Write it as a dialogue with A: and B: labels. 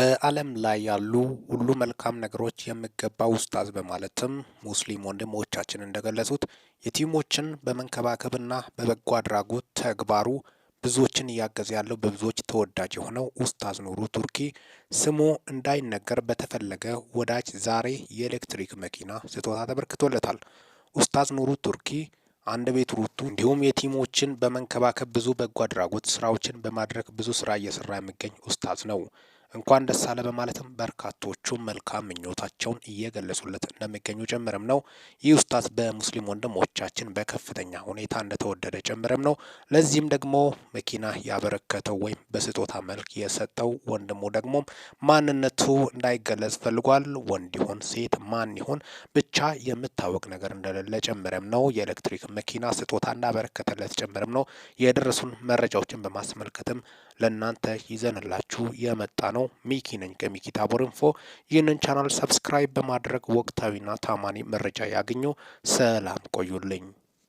A: በዓለም ላይ ያሉ ሁሉ መልካም ነገሮች የሚገባ ኡስታዝ በማለትም ሙስሊም ወንድሞቻችን እንደገለጹት የቲሞችን በመንከባከብና በበጎ አድራጎት ተግባሩ ብዙዎችን እያገዘ ያለው በብዙዎች ተወዳጅ የሆነው ኡስታዝ ኑሩ ቱርኪ ስሙ እንዳይነገር በተፈለገ ወዳጅ ዛሬ የኤሌክትሪክ መኪና ስጦታ ተበርክቶለታል። ኡስታዝ ኑሩ ቱርኪ አንድ ቤት ሩቱ እንዲሁም የቲሞችን በመንከባከብ ብዙ በጎ አድራጎት ስራዎችን በማድረግ ብዙ ስራ እየሰራ የሚገኝ ኡስታዝ ነው። እንኳን ደስ አለ በማለትም በርካቶቹ መልካም ምኞታቸውን እየገለጹለት እንደሚገኙ ጭምርም ነው። ይህ ውስጣት በሙስሊም ወንድሞቻችን በከፍተኛ ሁኔታ እንደተወደደ ጭምርም ነው። ለዚህም ደግሞ መኪና ያበረከተው ወይም በስጦታ መልክ የሰጠው ወንድሙ ደግሞ ማንነቱ እንዳይገለጽ ፈልጓል። ወንድ ይሁን ሴት፣ ማን ይሁን ብቻ የምታወቅ ነገር እንደሌለ ጭምርም ነው። የኤሌክትሪክ መኪና ስጦታ እንዳበረከተለት ጭምርም ነው። የደረሱን መረጃዎችን በማስመልከትም ለእናንተ ይዘንላችሁ የመጣ ነው። ሚኪ ነኝ ከሚኪ ታቦር ኢንፎ። ይህንን ቻናል ሰብስክራይብ በማድረግ ወቅታዊና ታማኒ መረጃ ያገኙ። ሰላም ቆዩልኝ።